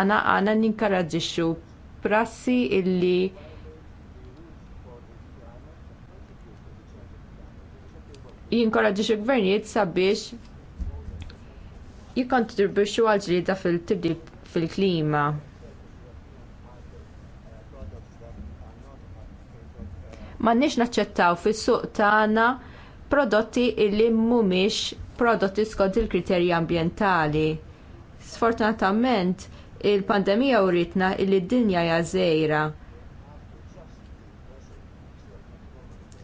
għana għana ninkoraġġixxu prassi illi jinkoraġġixxu gvernijiet sabiex jikkontribwixxu għal ġlieda fil-tibdil fil-klima. M'għandniex naċċettaw fis-suq tagħna prodotti illi mhumiex prodotti skont il-kriterji ambjentali. Sfortunatament, il-pandemija uritna illi d-dinja hija żgħira.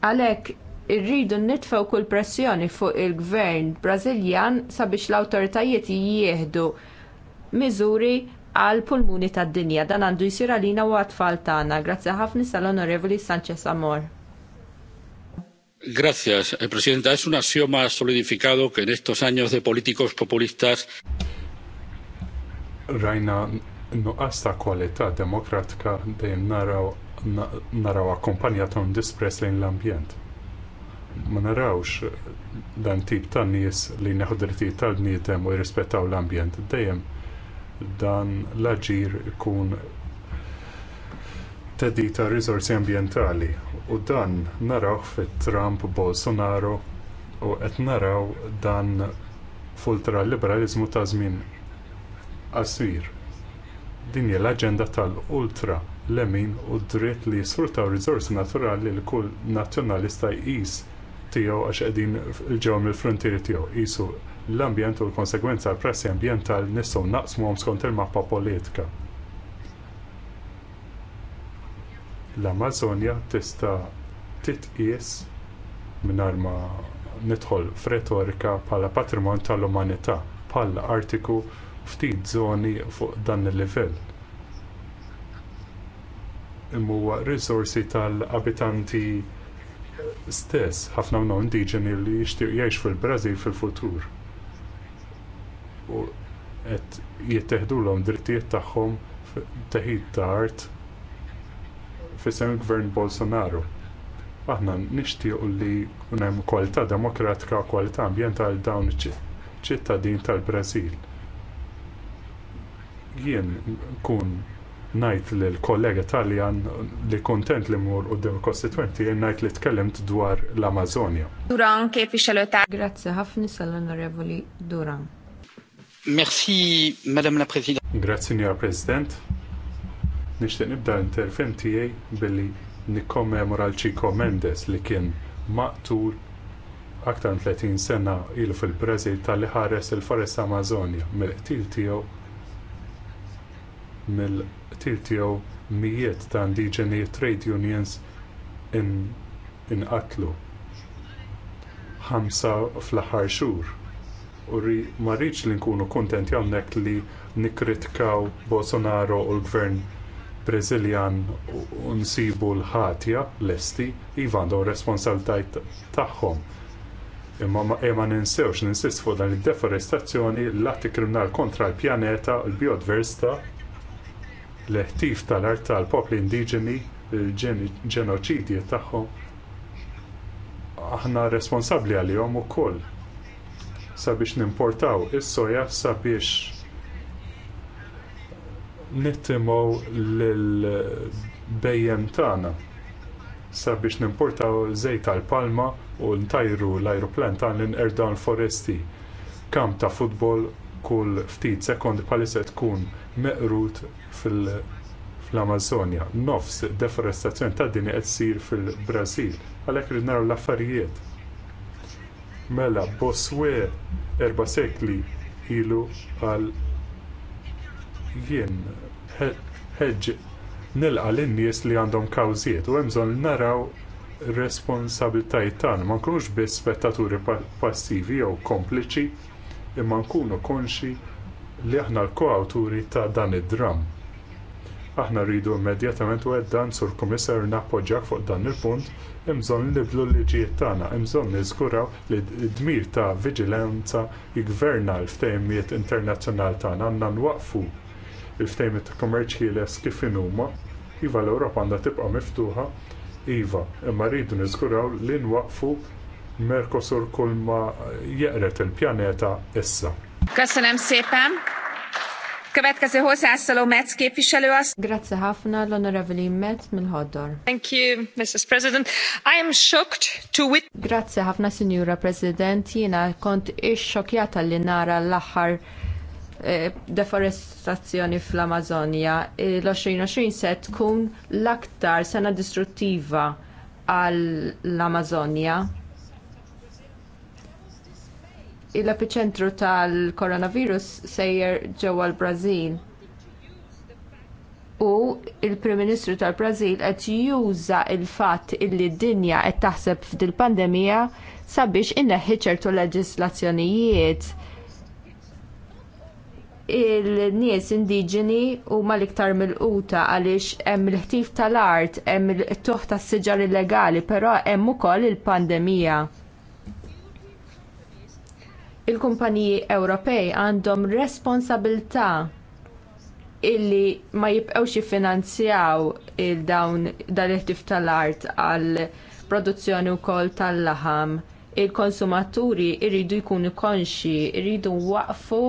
Għalhekk irridu nitfaw kull pressjoni fuq il-gvern Brażiljan sabiex l-awtoritajiet jieħdu miżuri għal pulmuni tad dinja dan għandu jsir għalina u għatfall tagħna. Grazzi ħafna sal-Onorevoli Sanchez Amor. Gracias, eh, Presidenta. Es un axioma solidificado que en estos años de políticos populistas rajna nuqqas ta' kwalità demokratika dejjem naraw naraw akkompanjatom dispress lejn l-ambjent. Ma narawx dan tip ta' nies li neħu drittijiet tal-bniedem u jirrispettaw l-ambjent. Dejjem dan l-aġir ikun ta' risorsi ambjentali u dan naraw fit Trump Bolsonaro u qed naraw dan fultra liberalizmu ta' żmien qasir. Din hija l-aġenda tal-ultra lemin u dritt li jisfruttaw riżorsi naturali li kull nazzjonalista jqis tiegħu għax qegħdin ġew mill-frontieri tiegħu qisu l-ambjent u l-konsegwenza l-pressi ambjental nistgħu naqsmuhom skont il-mappa politika. L-Amazonja tista' titqies mingħajr ma nidħol f'retorika bħala patrimonju tal-umanità bħall artiku ftit żoni fuq dan il-livell. Imma huwa risorsi tal-abitanti stess ħafna minnhom indiġeni li jixtieq jgħix fil-Brażil fil-futur. U qed jitteħdulhom drittijiet tagħhom teħid ta' art fisem il-Gvern Bolsonaro. Aħna nixtiequ li hemm kwalità demokratika u kwalità ambjentali dawn iċ-ċittadin tal-Brażil jien kun najt l-kollega Taljan li kontent li mur u d kostituenti jien najt li tkellimt dwar l-Amazonia. Duran, kif xalota? Grazie, ħafni sal-onorevoli Duran. Merci, Madame la President. Grazie, Njera President. Nishtiq nibda intervent tiegħi billi nikkommemora l-Ċiko Mendes li kien maqtul aktar 30 sena ilu fil-Brazil tal-li ħares il-Forest Amazonia mill-qtil tiegħu mill-qtil tiegħu mijiet ta' indiġeni trade unions inqatlu. Ħamsa fl-aħħar xhur. U ma rridx li nkunu kuntenti hawnhekk li nikkritikaw Bolsonaro u l-gvern Breżiljan u nsibu l-ħatja lesti iva għandhom responsabiltajt tagħhom. Imma ma ninsewx ninsist fuq dan id-deforestazzjoni l-atti kriminal kontra l-pjaneta, l-biodiversità, l-ħtif tal-art tal-popli indiġeni, il-ġenoċidji tagħhom, aħna responsabbli għalihom ukoll sabiex nimportaw is-soja sabiex nittimgħu lill-bejjem tagħna sabiex nimportaw żejt tal-palma u ntajru l ajruplan tagħna l-foresti, kamp ta' futbol kull ftit sekond bħalissa tkun meqrut fl-Amazonja. Nofs deforestazzjoni tad dinja qed ssir fil-Brażil, għalhekk li naraw l-affarijiet. Mela Boswe erba sekli ilu għal jien ħeġġ nilqa lin-nies li għandhom kawżiet u hemm bżonn naraw responsabiltajiet tagħna ma nkunux biss spettaturi passivi jew kompliċi imma nkunu konxi li aħna l-koawturi ta' dan id-dram. Aħna rridu immedjatament u għeddan sur komissar nappoġġak fuq dan il-punt imżon niblu l-liġijiet tagħna, imżon niżguraw li d-dmir ta' viġilanza jgverna l-ftejmiet internazzjonali tagħna għandna nwaqfu il-ftejmiet ta' kummerċ kif kif huma. Iva l-Ewropa għandha tibqa' miftuħa, iva, imma rridu niżguraw li nwaqfu Mercosur kulma jeqret il-pjaneta issa. Köszönöm szépen! Következő hozzászóló Metz képviselő az. Grazie ħafna l-Onorevoli Metz mill-ħoddor. Thank you, Mrs. President. I am shocked to wit. Grazie ħafna, Signora President. Jina kont ix-xokjata li nara l-aħħar eh, deforestazzjoni fl-Amazonja. Eh, L-2020 se tkun l-aktar sena distruttiva għall-Amazonja l-epiċentru tal-koronavirus sejjer ġewwa l-Brażil. U l prim Ministru tal-Brażil qed juża l fatt illi d-dinja qed taħseb f'dil pandemija sabiex inneħħi ċertu leġislazzjonijiet il-nies indiġeni huma l-iktar milquta għaliex hemm il-ħtif tal-art, hemm il-toħ tas-siġar illegali, però hemm ukoll il-pandemija. il pandemija il-kumpaniji Ewropej għandhom responsabilità illi ma jibqgħux jiffinanzjaw il-dawn dal-ħtif tal-art għal produzzjoni wkoll tal-laħam. Il-konsumaturi jridu jkunu konxi, jridu waqfu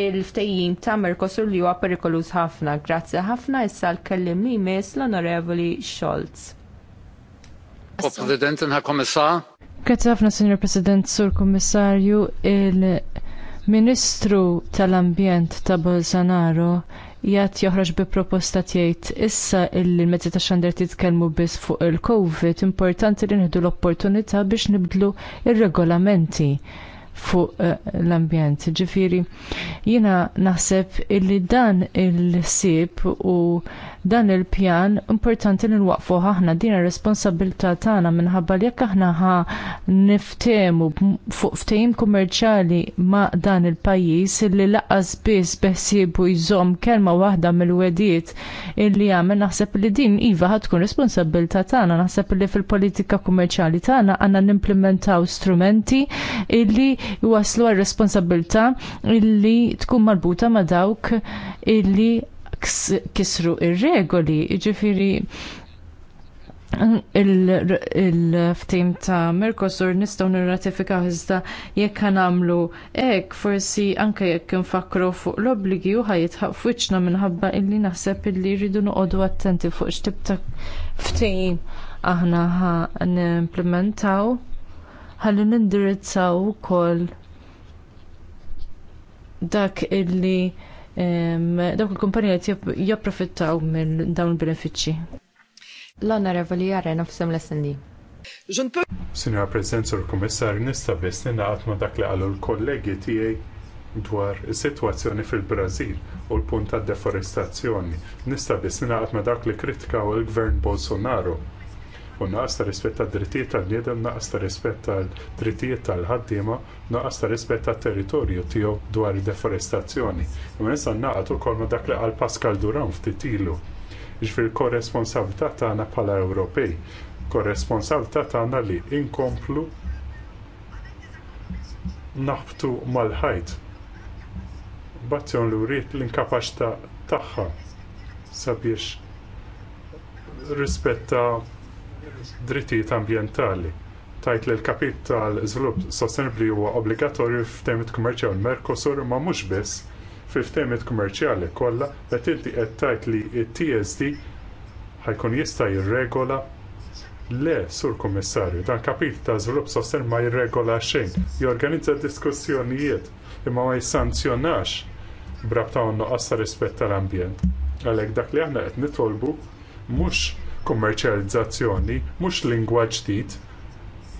il-ftejjim ta' Mercosur li huwa perikoluż ħafna. Grazzi ħafna issa l-kellim li l-Onorevoli Scholz. President and Herr Grazie ħafna, Signor President, Sur Kommissarju, il-Ministru tal-Ambjent ta' Bolsonaro jgħat joħroġ bi proposta tgħid issa illi mezzi ta' xandar titkellmu biss fuq il-COVID importanti li nħidu l-opportunità biex nibdlu ir-regolamenti fuq eh, l-ambjent. Ġifiri, jina naħseb illi dan il-sib u dan il-pjan importanti li nwaqfu aħna din ir-responsabilità tagħna minħabba li jekk aħna ħa niftehmu fuq ftehim kummerċjali ma' dan il-pajjiż li laqas biss beħsiebu jżomm kelma waħda mill-wedijiet illi għamel naħseb li din iva ħad tkun responsabilità tagħna naħseb li fil-politika kummerċjali tagħna għandna nimplementaw strumenti illi waslu għal responsabilità illi tkun marbuta ma' dawk illi kisru ir-regoli, jiġifieri il-ftim ta' Mercosur nistgħu nirratifikaw iżda jekk nagħmlu hekk forsi anke jekk infakru fuq l obbligi u ħajitħaq f'wiċċna minħabba illi naħseb illi jridu noqogħdu attenti fuq x'tib ta' ftehim aħna ħa nimplementaw ħalli nindirizzaw ukoll dak illi dawk il-kumpanija li japprofittaw minn dawn il-benefiċċji. l Revoli Arena nafsem l-SND. Sinjora President, Sur Kommissarju, nista' biss ningħaqad ma' dak li qalu l-kollegi tiegħi dwar is-sitwazzjoni fil-Brażil u l-punt tad deforestazzjoni. Nista' biss ningħaqad ma' dak li kritikaw il-Gvern Bolsonaro u naqas ta' rispett tad drittijiet tal-niedem, naqas ta' rispett tal-drittijiet tal-ħaddiema, naqas ta' rispett tat territorju tiegħu dwar deforestazzjoni. Imma nista' naqgħod ukoll ma' dak li qal Pascal Duran ftit ilu. Ġifier korresponsabilità tagħna bħala Ewropej, korresponsabilità tagħna li inkomplu naħbtu mal-ħajt. Bazzjon li wrid l-inkapaċità tagħha sabiex rispetta drittijiet ambjentali. Tajt li l-kapit tal-żvilupp sostenibli huwa obbligatorju f'temiet kummerċjali Mercosur ma mhux biss fil-ftemiet kummerċjali kollha qed inti qed tajt li t-TSD ħajkun jista' jirregola le, sur Kummissarju, dan kapit ta' żvilupp sosten ma jirregola xejn, jorganizza diskussjonijiet imma ma jissanzjonax brabta għon noqqas rispett tal-ambjent. Għalhekk dak li aħna qed nitolbu mhux kummerċjalizzazzjoni mhux lingwa ġdid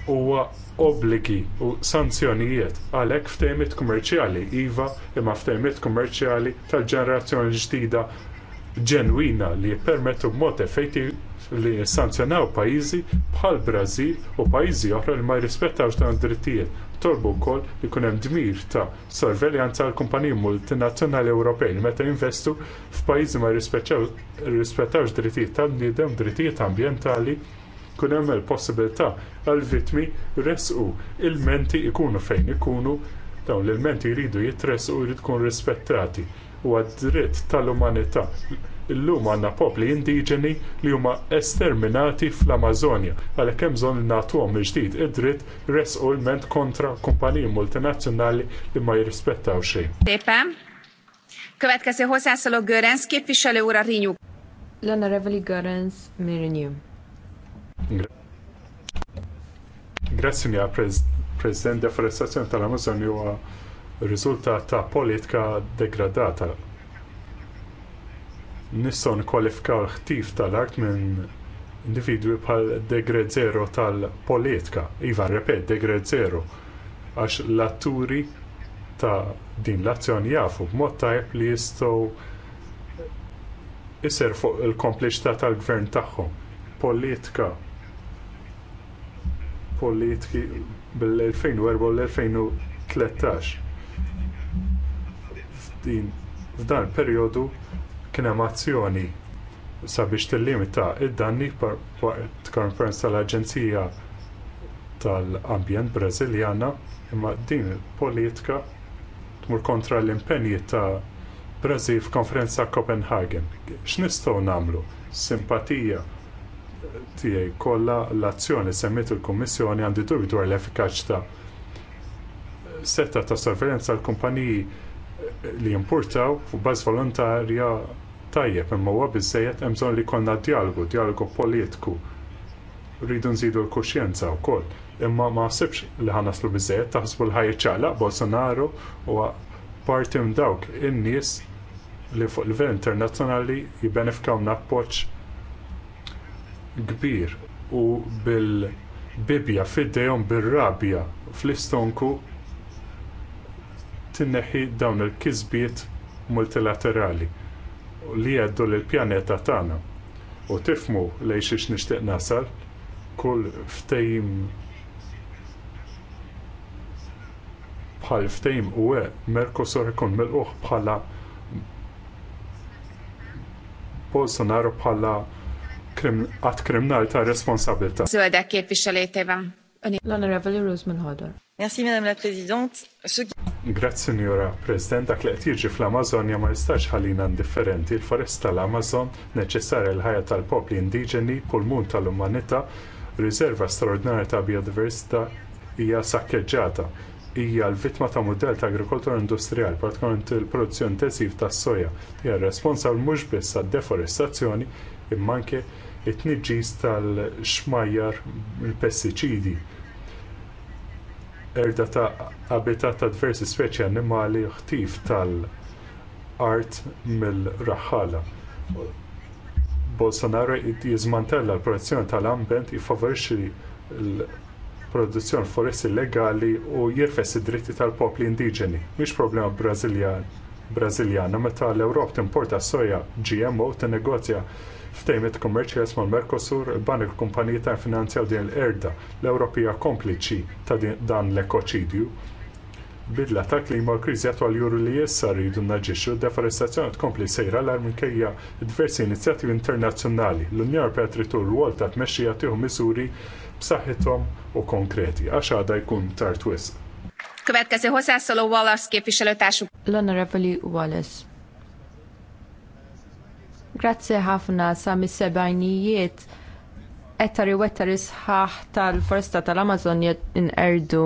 huwa obbligi u sanzjonijiet għalhekk f'temiet kummerċjali iva imma f'temiet kummerċjali tal-ġenerazzjoni ġdida ġenwina li jippermettu b'mod li sanzjonaw pajjiżi bħal Brażil u pajjiżi oħra li ma jirrispettawx dan id-drittijiet. Torbu wkoll li jkun hemm dmir ta' sorveljanza għal kumpaniji multinazzjonali Ewropej meta jinvestu f'pajjiżi ma jirrispettawx drittijiet tal-bniedem, drittijiet ambjentali kun hemm il-possibilità għal vittmi resqu il-menti ikunu fejn ikunu dawn l-menti jridu jitresqu jrid tkun rispettati u għad-dritt tal-umanità Illum għandna popli indiġeni li huma esterminati fl-Amazonja għalhekk hemm bżonn nagħtuhom il ġdid id-dritt resqu l-ment kontra kumpaniji multinazzjonali li ma jirrispettaw xejn. Szépen. Következő hozzászóló Görens képviselő úr a Rinyú. L'onorevoli Görens Mirinyú. Grazie, mia President, deforestazzjoni tal-Amazonja huwa riżultat ta' politika degradata nistgħu nikkwalifikaw ħtif tal-art minn individwi bħal degred zero tal-politika. Iva, repet, degred zero. Għax l-atturi ta' din l-azzjoni jafu b'mod tajb li jistgħu isser fuq il-kompliċità tal-gvern tagħhom. Politika. Politiki bil-2004 l-2013. F'dan il-perjodu kien hemm azzjoni sabiex tillimita id-danni konferenz tal-Aġenzija tal-Ambjent Brażiljana imma din il-politika tmur kontra l-impenji ta' Brażil f'konferenza Copenhagen. X'nistgħu nagħmlu? Simpatija tiegħi kollha l-azzjoni semmiet il-Kummissjoni għandi dubju dwar l-effikaċità setta ta' sorveljanza l-kumpaniji li jimpurtaw fuq baż volontarja tajjeb imma huwa biżżejjed hemm bżonn li jkollna dialogu, dialogu politiku. Rridu nżidu l-kuxjenza wkoll. Imma ma ħsibx li ħanaslu biżżejjed taħsbu l-ħajja ċaqlaq Bolsonaro huwa parti minn dawk in-nies li fuq livell internazzjonali jibbenefikaw minn appoġġ kbir u bil-bibja fid-dejhom bir-rabja fl-istonku tinneħi dawn il-kisbiet multilaterali li għeddu l pjaneta tagħna u tifmu li xiex nixtieq nasal kull ftejm bħal ftejm u għe Merkosur ikun mill-uħ bħala Bolsonaro bħala għat kriminal ta' responsabilta. Zöldek L-Honorable Roseman Hodder. Merci, Madame la Présidente. Grazzi Signora President, dak li qed jiġi fl-Amazonja ma jistax ħalina indifferenti. Il-forest tal-Amazon neċessarja l-ħajja tal-popli indiġeni, pulmun tal-umanità, riserva straordinarja ta' biodiversità hija sakkeġġata. Hija l-vittma ta' mudell ta' agrikoltura industrijal, partikolarment il-produzzjoni intensiv ta' soja. Hija responsabbli mhux biss għad-deforestazzjoni imma anke it-tniġġis tal-xmajjar il-pestiċidi erda ta' abitat ta' diversi speċi annimali ħtif tal-art mill-raħħala. Bolsonaro jizmantella l-protezzjoni tal-ambent jiffavorixxi l-produzzjoni foresti legali u jirfes id-dritti tal-popli indiġeni. Mhix problema Brażiljana meta l ewropa timporta soja GMO tinnegozja negozja ftejmet kummerċjali mal mercosur il kumpanija kumpaniji ta' finanzjaw din l-erda l-Ewropija kompliċi ta' dan l-ekoċidju. Bidla ta' klima u kriżi attwal juru li issa rridu naġixxu deforestazzjoni tkompli sejra l minkejja diversi inizjattivi internazzjonali. L-Unjoni Ewropea trid tur rwol ta' tmexxija tieħu miżuri b'saħħithom u konkreti għax għadha jkun tard wisq. Következő hozzászóló Wallace l L'Honorable Wallace. Grazzi ħafna sa mis-sebajnijiet ettari u ettari sħaħ tal-foresta tal-Amazon inqerdu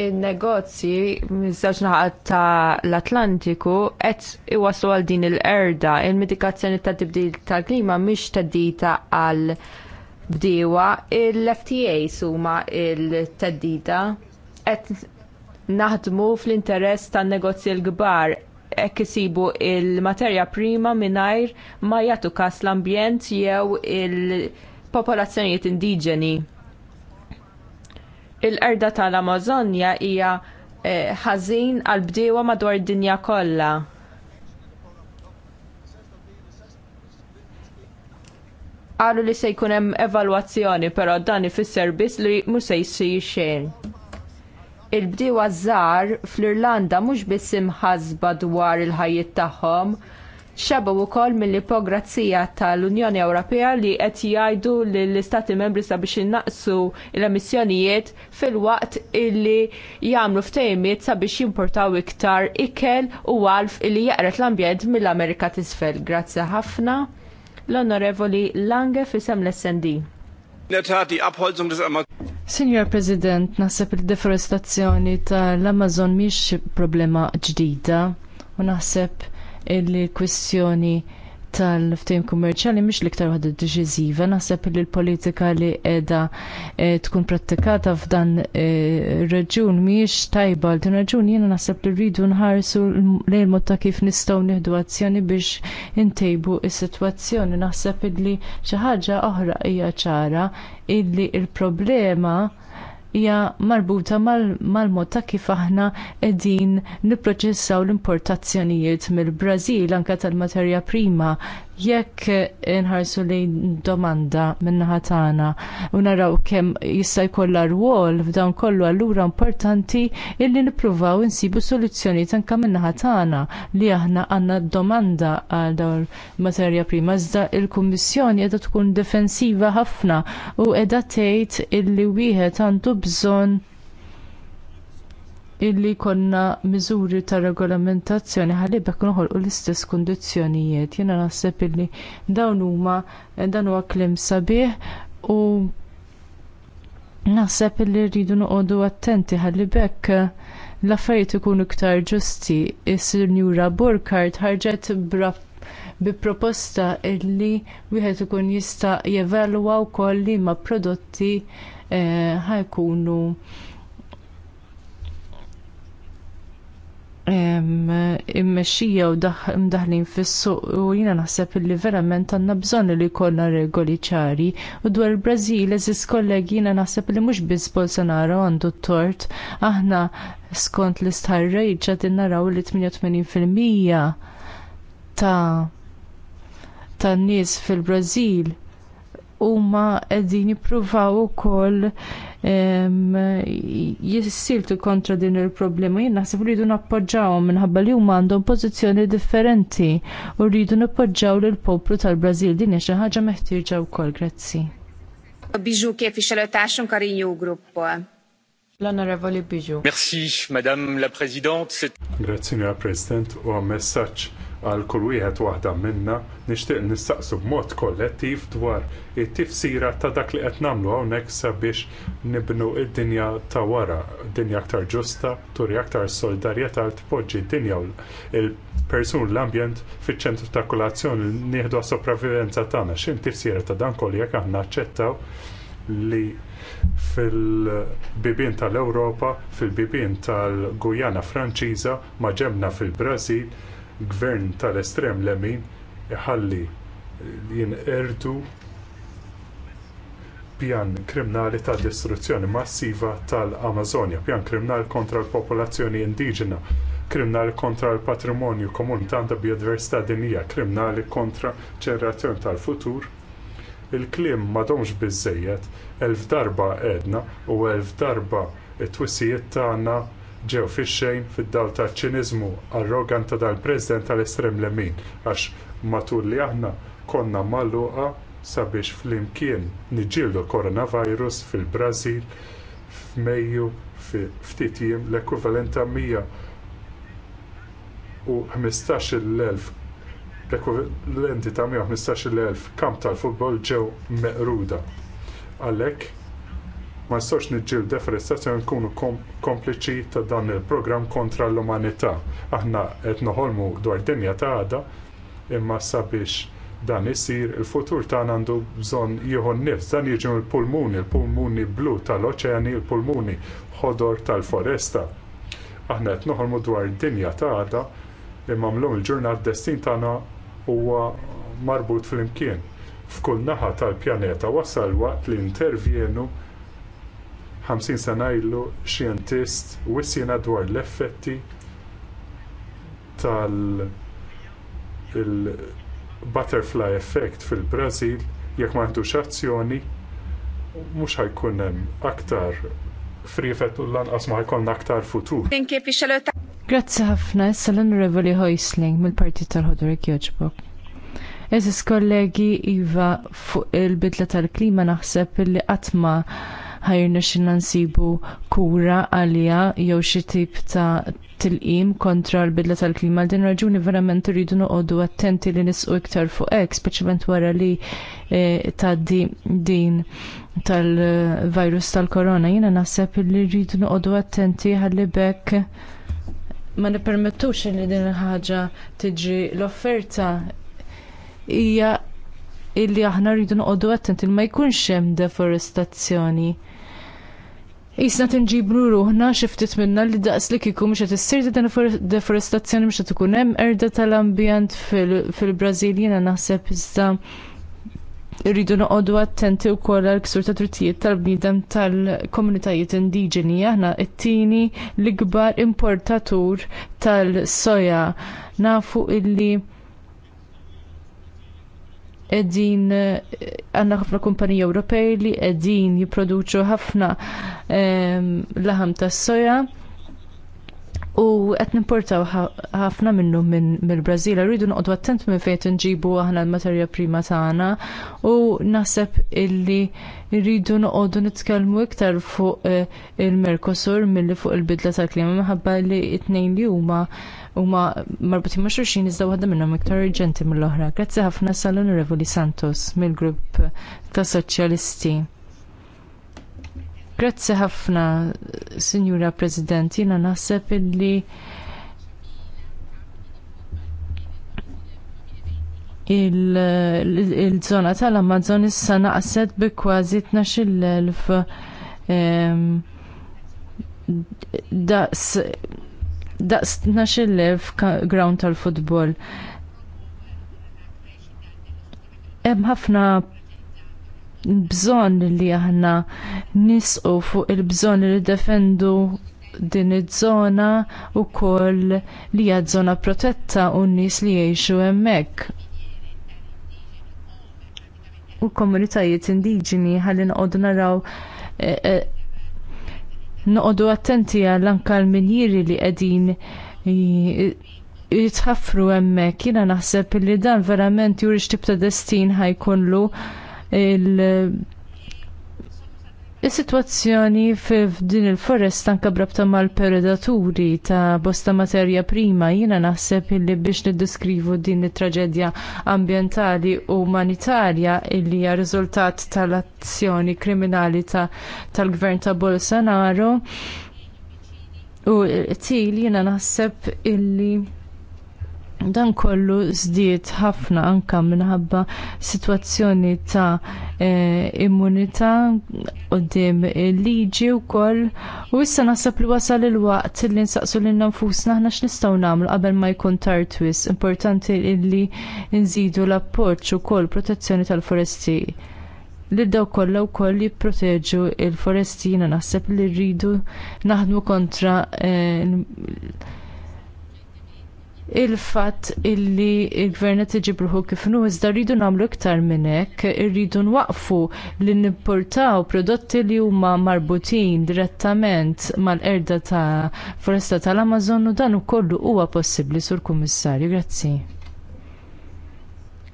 il-negozji miż-żewġ naħat tal-Atlantiku qed iwaslu għal din il-erda il-medikazzjoni ta' tibdil tal-klima mhix teddita għal bdiewa il-FTA huma il-teddita qed naħdmu fl-interess tan-negozji l-kbar hekk isibu il-materja prima mingħajr ma jagħtu każ l-ambjent jew il-popolazzjonijiet indiġeni. Il-qerda tal-Amazonja hija eh, ħażin għal bdiewa madwar id-dinja kollha. Qalu li se jkun hemm evalwazzjoni, però dan ifisser biss li mhux se jsir xejn il-bdiewa żgħar fl-Irlanda mhux biss imħasba dwar il-ħajjiet tagħhom, xabaw wkoll mill-ipokrazija tal-Unjoni Ewropea li qed jgħidu lill istati membri sabiex innaqsu l-emissjonijiet fil-waqt illi jagħmlu ftehimiet sabiex jimportaw iktar ikel u għalf illi jaqret l-ambjent mill-Amerika t'isfel. Grazzi ħafna. L-Onorevoli Lange fisem l-SND. Signor President, naħseb il-deforestazzjoni tal-Amazon miex problema ġdida u naħseb il-kwistjoni tal ftim kummerċjali mhix l-iktar waħda deċiżiva. Naħseb li l-politika li qiegħda eh, tkun prattikata f'dan ir eh, mhijiex tajba għal din raġun jiena naħseb li rridu nħarsu lejn mod ta' kif nistgħu nieħdu azzjoni biex intejbu is-sitwazzjoni. Naħseb li xi ħaġa oħra hija ċara illi l problema hija marbuta mal-mod ta' kif aħna qegħdin nipproċessaw l-importazzjonijiet mill-Brażil anke tal-materja prima jekk inħarsu li domanda minnaħa tagħna u naraw kemm jista' jkollha rwol f'dawn kollu allura importanti illi nippruvaw insibu soluzzjonijiet tanka min-naħa tagħna li aħna għandna domanda għal dawn materja prima iżda il-Kummissjoni qiegħda tkun defensiva ħafna u qiegħda tgħid illi wieħed għandu bżonn illi konna miżuri ta' regolamentazzjoni ħalibek noħolqu l-istess kundizzjonijiet. Jiena naħseb illi dawn huma dan huwa klim sabiħ u naħseb illi rridu noqogħdu attenti ħalibek l-affarijiet ikunu iktar ġusti. Is-Sinjura Burkhardt ħarġet brab bi proposta illi wieħed ikun jista' jevalwa wkoll liema prodotti eh, ħajkunu eh, immexxija u mdaħlin fis-suq u jiena naħseb illi verament għandna bżonn li jkollna regoli ċari u dwar il-Brażil eżis kollegi jiena naħseb li mhux biss Bolsonaro għandu t-tort aħna skont l-istħar rejt ġadin naraw li 88% ta' ta' nies fil-Brażil huma qegħdin jippruvaw ukoll jissiltu kontra din il-problema. Jien naħseb rridu nappoġġaw minħabba li huma għandhom pożizzjoni differenti u rridu nappoġġaw lill poplu tal-Brażil din hija xi ħaġa meħtieġa wkoll. Grazzi. Biġu kif ix-xeletaxxum karinju gruppo. l Merci, Madame la Présidente. Grazie, Mia President, u għam messaċ għal kull wieħed waħda minna nixtieq nistaqsu b'mod kollettiv dwar it-tifsira ta' dak li qed nagħmlu hawnhekk sabiex nibnu id-dinja ta' wara, dinja aktar ġusta, turi aktar solidarjetà tpoġġi d-dinja u l-persun l-ambjent fiċ-ċentru ta' kulazzjoni nieħdu għas-sopravivenza tagħna. X'in tifsira ta' dan kollu jekk aħna aċċettaw li fil-bibien tal ewropa fil-bibien tal-Gujana Franċiża, ma ġemna fil brażil gvern tal-estrem lemin iħalli jinqertu pjan kriminali ta' distruzzjoni massiva tal-Amazonja, pjan kriminali kontra l-popolazzjoni indiġena, kriminali kontra l-patrimonju komuni tanta biodiversità dinija, kriminali kontra ġenerazzjoni tal-futur. Il-klim madomx bizzejiet, elf darba edna u elf darba it-twissijiet tagħna ġew fix-xejn fid-dawl ta' ċiniżmu arroganta tal-President tal-estrem lemin għax matul li aħna konna magħluqa sabiex flimkien niġġieldu koronavirus fil-Brażil f'Mejju ftit jiem l-ekwivalent ta' 115,000 l-ekwivalenti ta' 115,000 kamp tal-futbol ġew meqruda. Għalhekk ma jistax nġil deforestazzjoni nkunu kompliċi ta' dan il-programm kontra l-umanità. Aħna qed noħolmu dwar dinja ta' għada, imma sabiex dan isir il-futur tagħna għandu bżonn jieħu nnifs, dan jiġu l-pulmuni, il-pulmuni blu tal-oċeani, il-pulmuni ħodor tal-foresta. Aħna qed noħolmu dwar dinja ta' għada, imma mlum il-ġurnat destin tagħna huwa marbut fl-imkien. F'kull naħa tal-pjaneta wasal waqt li intervjenu 50 sena ilu xjentist wissina dwar l-effetti tal- butterfly effect fil brażil jekk ma jħdux azzjoni mhux ħajkun hemm aktar frifet u lanqas ma jkollna aktar futur. Grazzi ħafna, issa l-Onorevoli Hoisling mill-Partit tal-Ħodur Kjoġbok. Eżis kollegi Iva fuq il-bidla tal-klima naħseb li qatt ma ħajrna xinna nsibu kura għalija jew xi tip ta' tilqim kontra l-bidla tal-klima. Din raġuni verament rridu noqogħdu attenti li nisqu iktar fuq hekk, speċjalment wara li e, tgħaddi din tal-virus tal-korona. Jiena naħseb li rridu noqogħdu attenti ħalli bekk ma nippermettux li din il-ħaġa tiġi l-offerta hija illi aħna rridu noqogħdu attenti li ma jkunx hemm deforestazzjoni. Isna tinġibru ruħna xiftit minna li daqs li kiku mux għet s dan deforestazzjoni mxa t ikun hemm erda tal-ambjent fil-Brazil jena naħseb iżda rridu noqogħdu attenti wkoll għall ksur ta' Trittijiet tal bnidem tal-komunitajiet indiġeni aħna t-tieni l-ikbar importatur tal-soja nafu illi edin għanna ħafna kumpaniji Ewropej li edin jiproduċu ħafna ehm, laħam tas soja u qed nimportaw ħafna minnu minn mill brazil rridu noqogħdu għattent minn fejn nġibu aħna l-materja prima tagħna u naħseb illi rridu noqogħdu nitkellmu iktar fuq eh, il-Mercosur milli fuq il-bidla tal-klima minħabba li t-tnejn li huma huma marbutin ma' xulxin iżda waħda minnhom iktar urġenti mill-oħra. Grazzi ħafna sal-Onorevoli Santos mill-grupp ta' Soċjalisti. Grazzi ħafna, Signora President, jina naħseb illi il-zona tal-Amazon issa naqset bi kważi 12.000 daqs daqs 12.000 ground tal-futbol. Hemm ħafna bżonn li aħna nisqu fuq il-bżonn li defendu din iż-żona wkoll li hija żona protetta u n-nies li jgħixu hemmhekk. U komunitajiet indiġeni ħalli noqogħdu naraw eh, eh, noqogħdu attenti għal anke l-minjiri li qegħdin jitħaffru hemmhekk. Jiena naħseb li dan verament juri x'tib ta' destin ħajkollu il- Is-sitwazzjoni f'din il-forest anke brabta mal-predaturi ta' bosta materja prima jiena naħseb illi biex niddiskrivu din it-traġedja ambjentali u umanitarja illi hija riżultat tal-azzjoni kriminali tal-gvern ta' Bolsonaro u t-til jiena naħseb illi dan kollu żdied ħafna anka minħabba sitwazzjoni ta' eh, immunità qudiem il-liġi wkoll u issa naħseb li wasal il-waqt li nsaqsu lil nfusna aħna x'nistgħu nagħmlu qabel ma jkun tard importanti li nżidu l-appoġġ ukoll protezzjoni tal-foresti li daw kollha wkoll jipproteġu l foresti jiena naħseb li rridu naħdmu kontra eh, il-fatt illi il-gvern qed iġibruħu kif nu iżda rridu nagħmlu iktar minn hekk, irridu nwaqfu li nipportaw prodotti li huma marbutin direttament mal-erda ta' foresta tal-Amazon u dan ukoll huwa possibbli sur kummissarju. Grazzi.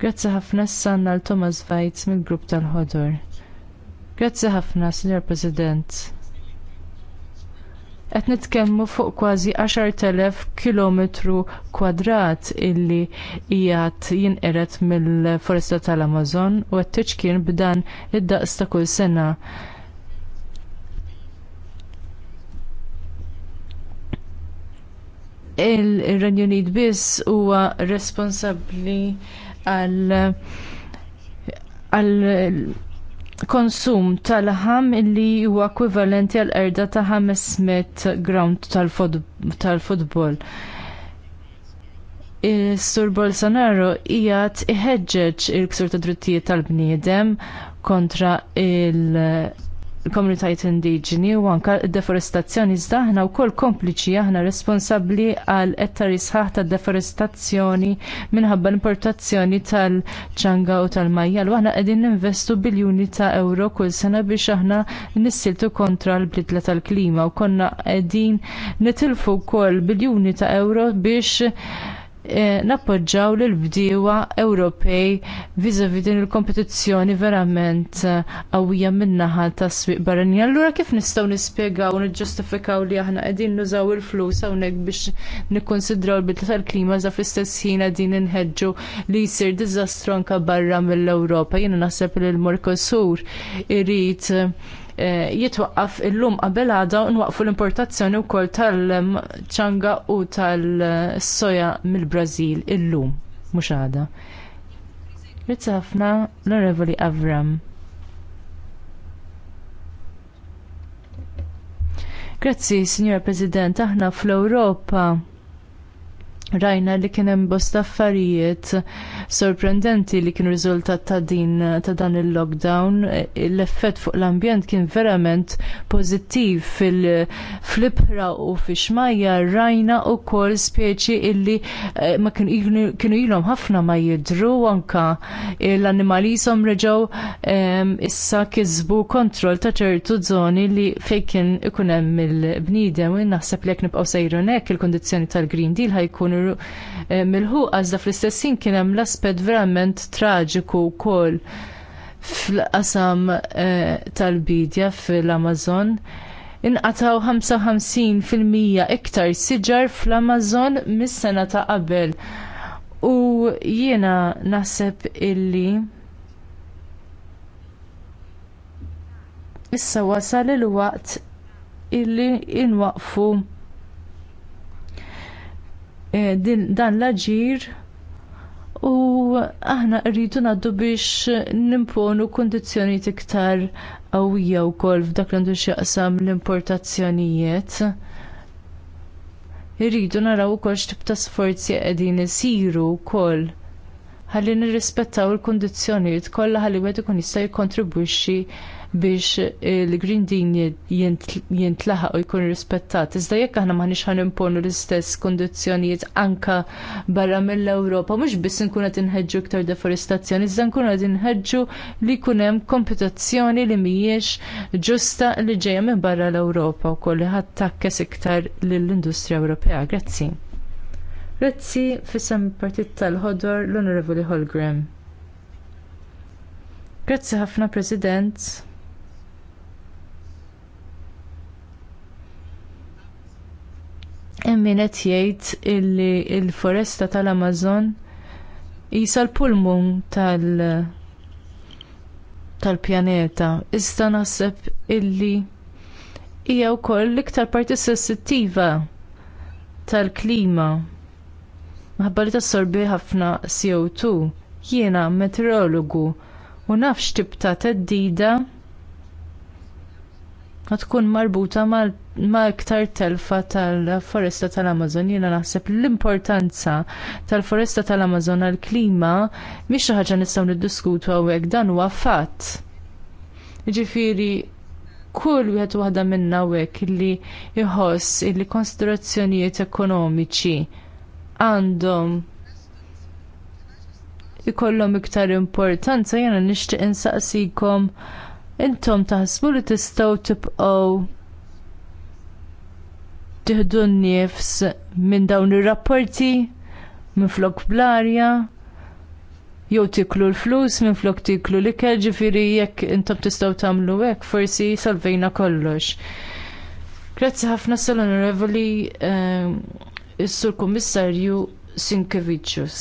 Grazzi ħafna s-sanna l-Thomas Weitz mill-grupp tal-ħodor. Grazzi ħafna, Signor President qed nitkellmu fuq kważi 10,000 km kwadrat illi qiegħed jinqered mill-foresta tal-Amazon u qed tiġkien b'dan id-daqs ta' kull sena. Il-Renju Unit biss huwa responsabbli għal għal konsum tal-ħam li huwa ekwivalenti għal erda ta' 500 ground tal-futbol. Is-Sur Bolsonaro qiegħed iħeġġeġ il-ksur ta' drittijiet tal-bniedem kontra il- komunitajiet indiġeni u anke deforestazzjoni iżda aħna wkoll kompliċi aħna responsabbli għal ettari sħaħ ta' deforestazzjoni minħabba l-importazzjoni tal-ċanga u tal majja u aħna qegħdin ninvestu biljuni ta' euro kull sena biex aħna nissiltu kontra l-bidla tal-klima u konna qegħdin nitilfu wkoll biljuni ta' euro biex Eh, nappoġġaw l bdiewa Ewropej vis-a-vis din il-kompetizzjoni verament eh, qawwija min-naħa tas-swieq barranin. Allura kif nistgħu nispjegaw niġġustifikaw li aħna qegħdin nużaw il-flus hawnhekk biex nikkonsidraw l-bidla tal-klima za fl-istess ħin għedin inħeġġu li jsir diżastru anke barra mill-Ewropa. Jiena naħseb li l morkosur irid eh, Eh, jitwaqqaf illum qabel għada nwaqfu l-importazzjoni wkoll tal-ċanga u tal-soja mill-Brażil illum mhux għada. Rizz ħafna l-Onorevoli Avram. Grazzi, Signor President, aħna fl-Ewropa rajna li kien hemm bosta affarijiet sorprendenti li kien riżultat ta' din ta' dan il-lockdown. L-effett fuq l-ambjent kien verament pożittiv fil flipra u fix-xmajja rajna wkoll speċi illi eh, ma kienu ilhom ħafna ma jidhru anke l-annimali jisom reġgħu ehm, issa kisbu kontroll ta' ċertu żoni li fejn kien ikun hemm il-bniedem u naħseb li jekk nibqgħu sejru hekk il kundizzjoni tal-Green Deal ħajkunu kienu eh, milħu għazda fl-istessin kien hemm l-aspett verament traġiku wkoll fl-qasam eh, tal-bidja fil-Amazon inqataw 55% iktar siġar fl-Amazon mis-sena ta' qabel. U jiena naħseb illi issa wasal il-waqt illi inwaqfu Eh, dan l-aġir u aħna rridu naddu biex nimponu kondizjoni iktar qawwija wkoll f'dak li għandu x'jaqsam l-importazzjonijiet. Irridu naraw ukoll x'tib ta' sforzi qegħdin isiru wkoll ħalli nirrispettaw il kundizzjonijiet kollha ħalli wieħed ikun jista' jikkontribwixxi biex eh, il-Green Deal jintlaħaq u jkun rispettat. Iżda jekk aħna maħniex ħan imponu l-istess kondizzjonijiet anka barra mill-Ewropa, mhux biss nkun qed inħedġu iktar deforestazzjoni, iżda nkun qed inħedġu li jkun hemm kompetizzjoni li mhijiex ġusta li ġejja minn barra l-Ewropa wkoll li ħadd takkes iktar lill-Industrija Ewropea. Grazzi. Grazzi fissam partit tal-ħodor l-Onorevoli Holgram. Grazzi ħafna President. hemm min qed jgħid illi l-foresta tal- tal-pjaneta. Iżda naħseb illi hija wkoll l-iktar parti sensittiva tal-klima. minħabba li tassorbi ħafna CO2. Jiena meteorologu u nafx tibta teddida tkun marbuta mal ma iktar telfa tal-foresta tal-Amazon jiena naħseb l-importanza tal-foresta tal-Amazon għall-klima mhix xi ħaġa nistgħu niddiskutu hawnhekk dan huwa fatt. Jiġifieri kull wieħed waħda minna hawnhekk illi jħoss illi konsiderazzjonijiet ekonomiċi għandhom ikollhom iktar importanza jiena nixtieq insaqsikom intom taħsbu li tistgħu tibqgħu tiħdu n-nifs minn dawn ir-rapporti minn flok blarja jew tiklu l-flus minn flok tiklu l-ikel ġifiri jekk intom tistgħu tagħmlu hekk forsi salvejna kollox. Grazzi ħafna sal-onorevoli ehm, is-sur kummissarju Sinkevicius.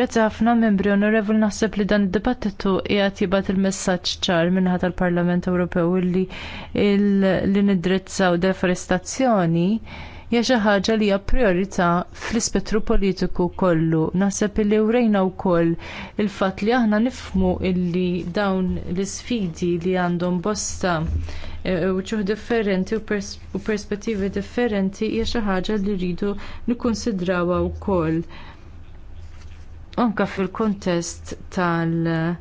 Grazzi ħafna membri onorevoli naħseb li dan id-dibattitu qiegħed jibgħat il-messaġġ ċar minħata tal-Parlament Ewropew li li deforestazzjoni hija xi ħaġa li hija priorità fl-ispettru politiku kollu. Naħseb li urejna wkoll il-fatt li aħna nifhmu illi dawn l-isfidi li għandhom bosta e, uċuħ differenti u, perspettivi differenti hija xi ħaġa li rridu nikkonsidrawha wkoll Anke fil-kontest tal-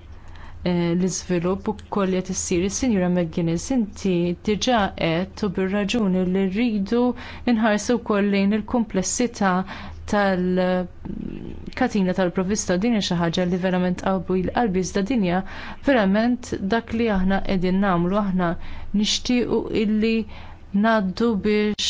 eh, l-izvilup u koll jett issir Sinjura McGuinness inti diġà għed u bir-raġuni li rridu nħarsu wkoll lejn il-komplessità tal-katina tal-provista din xaħġa xi ħaġa li verament għabu il qalbi zda dinja. verament dak li aħna qegħdin nagħmlu aħna nixtiequ illi ngħaddu biex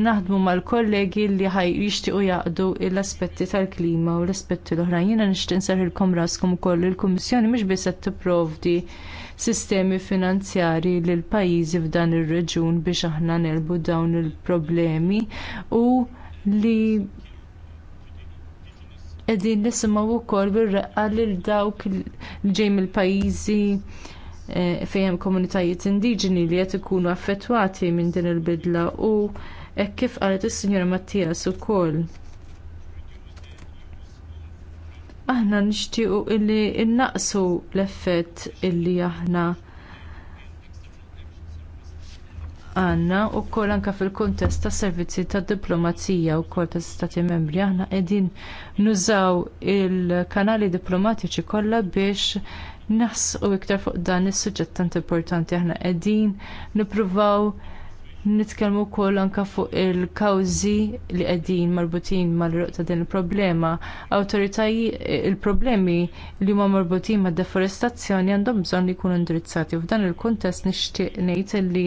naħdmu mal-kollegi li ħaj jixtiequ jaqdu l-aspetti tal-klima u l-aspetti l-oħrajn. Jiena nixtieq nserħilkom raskom ukoll il-Kummissjoni mhux biss qed tipprovdi sistemi finanzjarji l pajjiżi f'dan ir-reġun biex aħna nelbu dawn il-problemi u li qegħdin nisimgħu wkoll bir-reqqa lil dawk li ġejm il pajjiżi eh, fejn hemm komunitajiet indiġeni li qed ikunu affettwati minn din il-bidla u hekk kif qalet is-Sinjora Mattias ukoll. Aħna nixtiequ illi innaqsu l-effett illi aħna għanna wkoll anke fil kuntest tas servizzi tad diplomazija wkoll tas stati membri aħna qegħdin nużaw il-kanali diplomatiċi kollha biex naħsqu iktar fuq dan is-suġġett tant importanti aħna qegħdin nippruvaw nitkellmu wkoll anke fuq il-kawżi li qegħdin marbutin mal-ruq ta' din il-problema. Awtoritajiet il-problemi li huma marbutin mad-deforestazzjoni għandhom bżonn li jkunu indirizzati. F'dan il-kuntest nixtieq ngħid li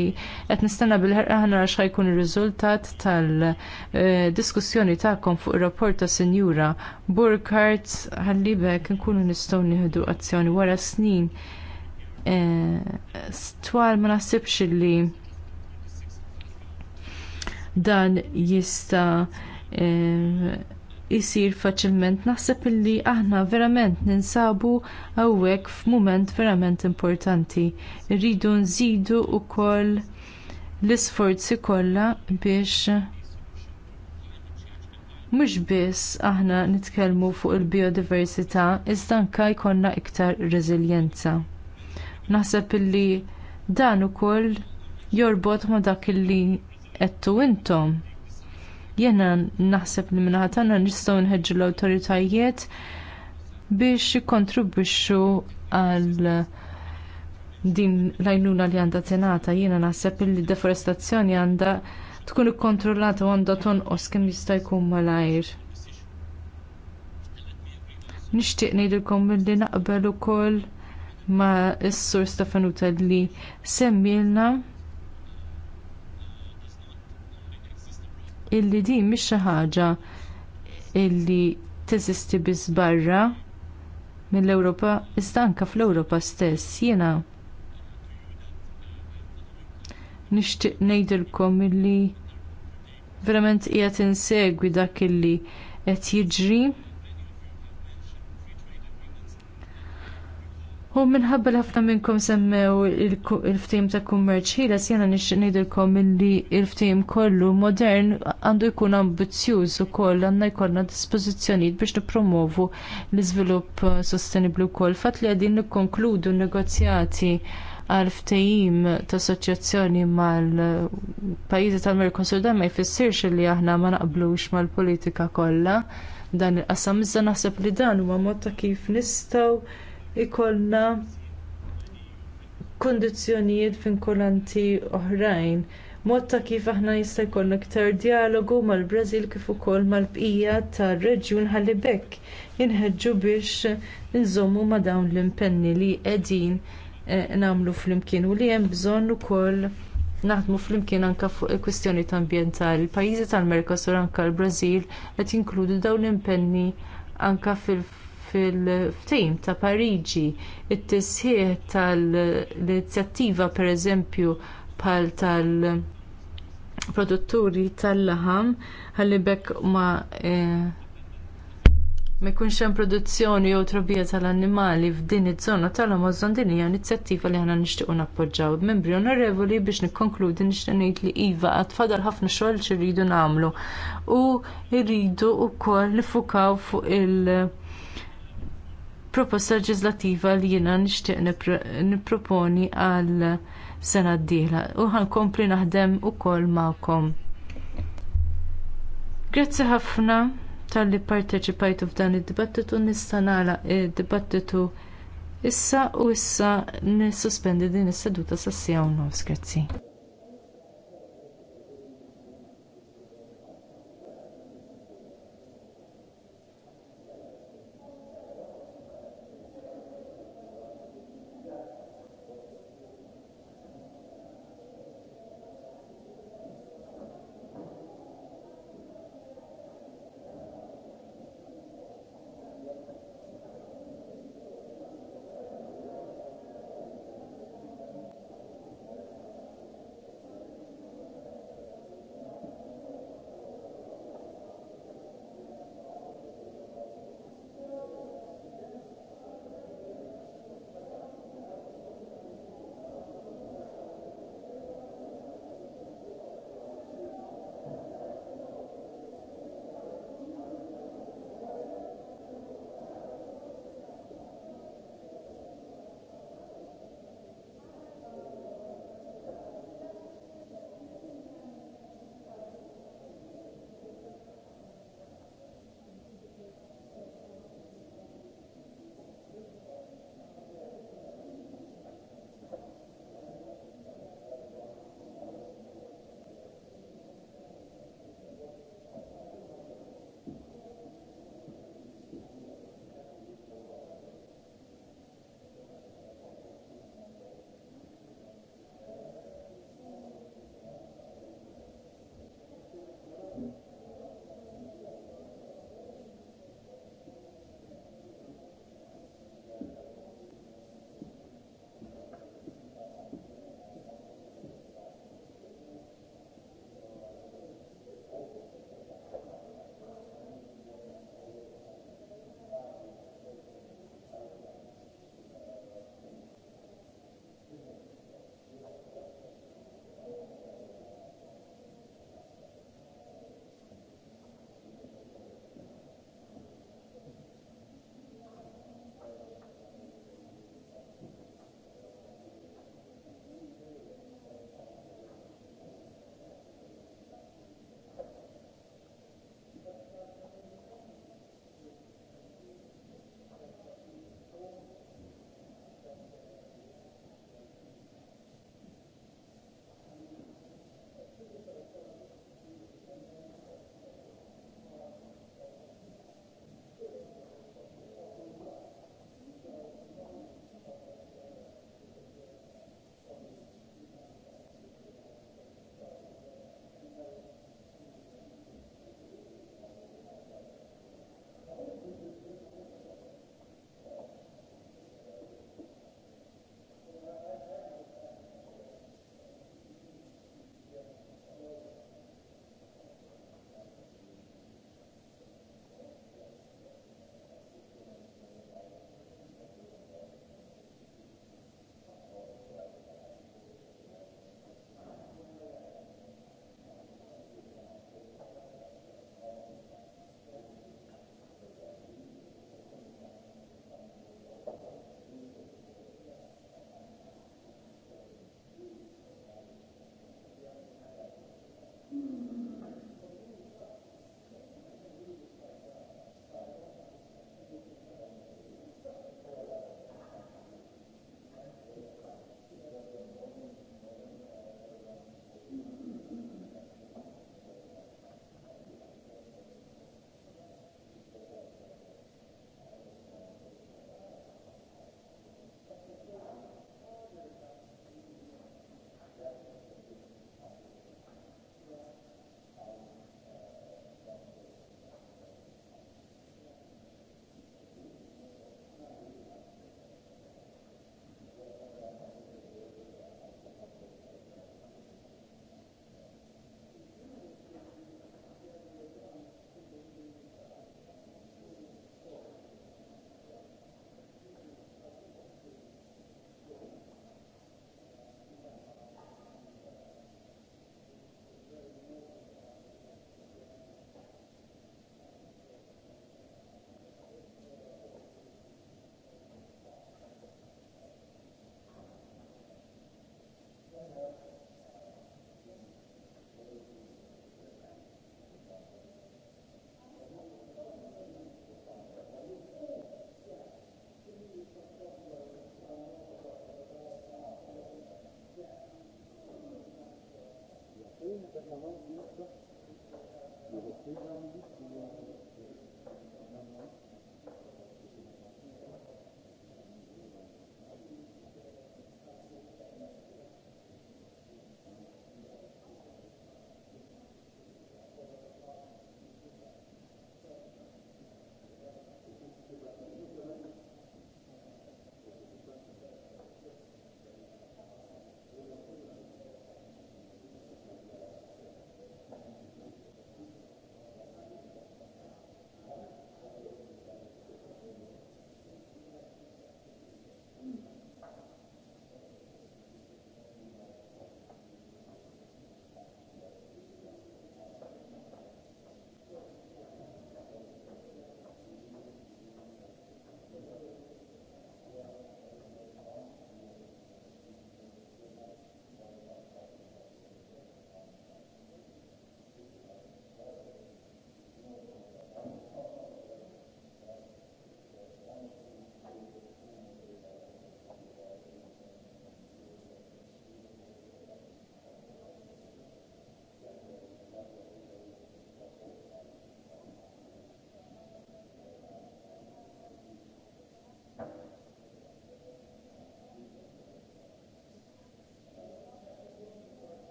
qed nistenna bil-ħerqa ħana xa jkun ir-riżultat tal-diskussjoni tagħkom fuq ir-rapport ta' Sinjura Burkhardt ħallibek nkunu nistgħu nieħdu azzjoni wara snin. E, eh, Twal ma naħsibx li dan jista' jisir eh, faċilment naħseb illi aħna verament ninsabu hawnhekk f'mument verament importanti. Irridu nżidu wkoll l-isforzi kollha biex mhux biss aħna nitkellmu fuq il-biodiversità iżda anke jkollna iktar reżiljenza. Naħseb illi dan ukoll jorbot ma dak li għettu intom. Jiena naħseb li minnaħat tagħna nistgħu nħeġġu l-awtoritajiet biex jikkontribwixxu għal din l li għandha tingħata. Jiena naħseb li d deforestazzjoni għandha tkun ikkontrollata u għandha tonqos kemm jista' jkun malajr. Nixtieq ngħidilkom milli naqbel ukoll ma' s-sur Stefanu li semmilna illi din mhix xi ħaġa illi teżisti biss barra mill-Ewropa iżda anke fl-Ewropa stess jiena nixtieq ngħidilkom illi verament qiegħed insegwi dak illi qed jiġri U minħabba ħafna minnkom semmew il-ftim ta' kummerċ s jena nixtieq nidilkom illi il-ftim kollu modern għandu jkun ambizzjuż ukoll għandna jkollna dispożizzjonijiet biex nippromovu l-iżvilupp eh, sostenibbli wkoll. Fat li qegħdin nikkonkludu negozjati għal ftejim ta' assoċjazzjoni mal-pajjiżi eh, tal-Amerikan Sudan ma jfissirx li aħna ma naqblux mal-politika kollha dan il-qasam iżda naħseb li dan huwa mod ta' kif nistgħu ikollna kundizzjonijiet vinkolanti oħrajn. Mod ta' kif aħna jista' jkollna iktar dijalogu mal-Brażil kif ukoll mal-bqija tar-reġjun ħalli bekk inħeġġu biex inżommu ma' dawn l-impenni li qegħdin eh, nagħmlu flimkien u li hemm bżonn ukoll naħdmu flimkien anke fuq il-kwistjoni ambjentali. Il-pajjiżi tal-Merkosur anke l-Brażil qed jinkludu dawn l-impenni anke fil- fil-ftejm ta' Pariġi, it-tisħiħ tal-inizjattiva pereżempju bħal tal- produtturi tal-laħam ħallibek bekk ma eh, ma jkunx hemm produzzjoni jew trobija tal-annimali f'din iż-żona tal-Amazon din hija inizjattiva li aħna nixtiequ nappoġġaw. Membri onorevoli biex nikkonkludi nixtieq ngħid li iva għad fadal ħafna xogħol xi rridu nagħmlu u rridu wkoll nifukaw fuq il- proposta leġislattiva li jiena nixtieq nipproponi għal sena d-dieħla u ħankompli naħdem ukoll magħkom. Grazzi ħafna talli pparteċipajtu f'dan id-dibattitu nista' nagħlaq id-dibattitu issa u issa nissospendi din is-seduta sas-sija u nofs. Grazzi.